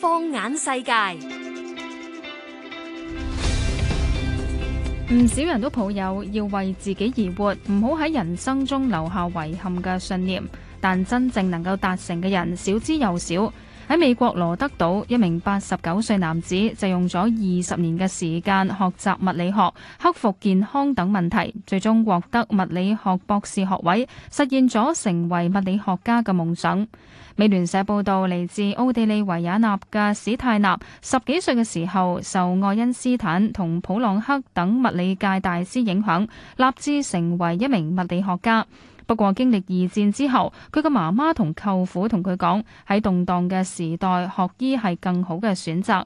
放眼世界，唔少人都抱有要為自己而活，唔好喺人生中留下遺憾嘅信念。但真正能夠達成嘅人，少之又少。喺美國羅德島，一名八十九歲男子就用咗二十年嘅時間學習物理學，克服健康等問題，最終獲得物理學博士學位，實現咗成為物理學家嘅夢想。美聯社報道，嚟自奧地利維也納嘅史泰納，十幾歲嘅時候受愛因斯坦同普朗克等物理界大師影響，立志成為一名物理學家。不過經歷二戰之後，佢個媽媽同舅父同佢講，喺動盪嘅時代，學醫係更好嘅選擇。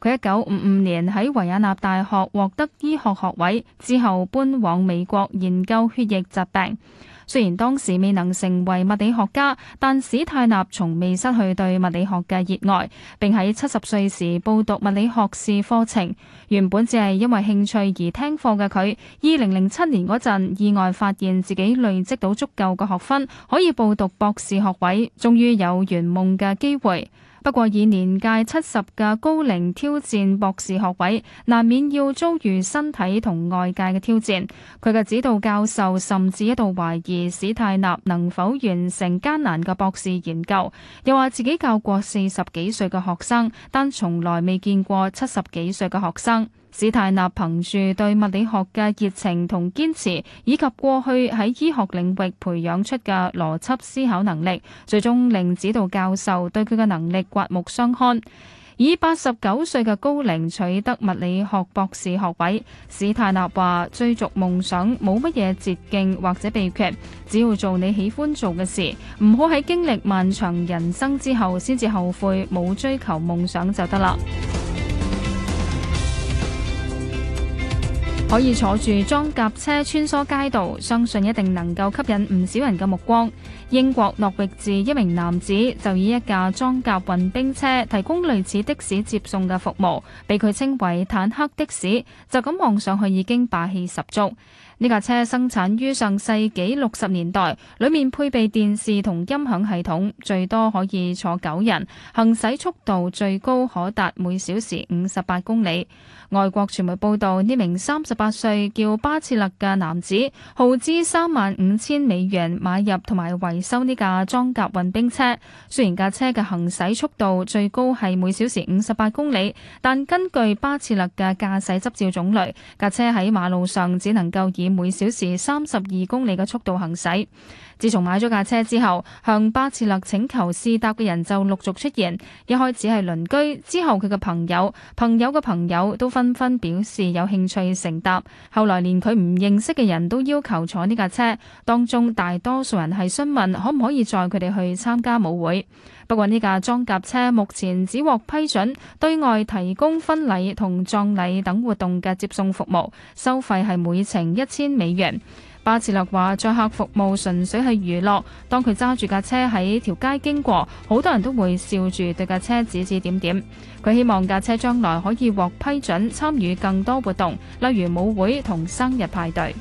佢一九五五年喺維也納大學獲得醫學學位之後，搬往美國研究血液疾病。雖然當時未能成為物理學家，但史泰納從未失去對物理學嘅熱愛，並喺七十歲時報讀物理學士課程。原本只係因為興趣而聽課嘅佢，二零零七年嗰陣意外發現自己累積到足夠嘅學分，可以報讀博士學位，終於有圓夢嘅機會。不過，以年屆七十嘅高齡挑戰博士學位，難免要遭遇身體同外界嘅挑戰。佢嘅指導教授甚至一度懷疑史泰納能否完成艱難嘅博士研究，又話自己教過四十幾歲嘅學生，但從來未見過七十幾歲嘅學生。史泰納憑住對物理學嘅熱情同堅持，以及過去喺醫學領域培養出嘅邏輯思考能力，最終令指導教授對佢嘅能力刮目相看。以八十九歲嘅高齡取得物理學博士學位，史泰納話：追逐夢想冇乜嘢捷徑或者秘訣，只要做你喜歡做嘅事，唔好喺經歷漫長人生之後先至後悔冇追求夢想就得啦。可以坐住裝甲車穿梭街道，相信一定能夠吸引唔少人嘅目光。英國諾域治一名男子就以一架裝甲運兵車提供類似的的士接送嘅服務，俾佢稱為坦克的士，就咁望上去已經霸氣十足。呢架車生產於上世紀六十年代，裏面配備電視同音響系統，最多可以坐九人，行駛速度最高可達每小時五十八公里。外國傳媒報道，呢名三十八歲叫巴切勒嘅男子耗資三萬五千美元買入同埋維修呢架裝甲運兵車。雖然架車嘅行駛速度最高係每小時五十八公里，但根據巴切勒嘅駕駛執照種類，架車喺馬路上只能夠以每小時三十二公里嘅速度行駛。自從買咗架車之後，向巴切勒請求試搭嘅人就陸續出現。一開始係鄰居，之後佢嘅朋友、朋友嘅朋友都紛紛表示有興趣乘搭。後來連佢唔認識嘅人都要求坐呢架車，當中大多數人係詢問可唔可以載佢哋去參加舞會。不過呢架裝甲車目前只獲批准對外提供婚禮同葬禮等活動嘅接送服務，收費係每程一千美元。巴茨洛話：載客服務純粹係娛樂，當佢揸住架車喺條街經過，好多人都會笑住對架車指指點點。佢希望架車將來可以獲批准參與更多活動，例如舞會同生日派對。